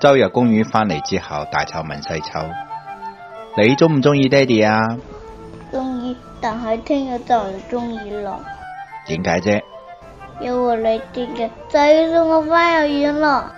周日公園翻嚟之後，大臭問細臭。你中唔中意爹哋啊？中意，但係聽日就唔中意啦。點解啫？有我你啲嘅就送我翻幼兒園啦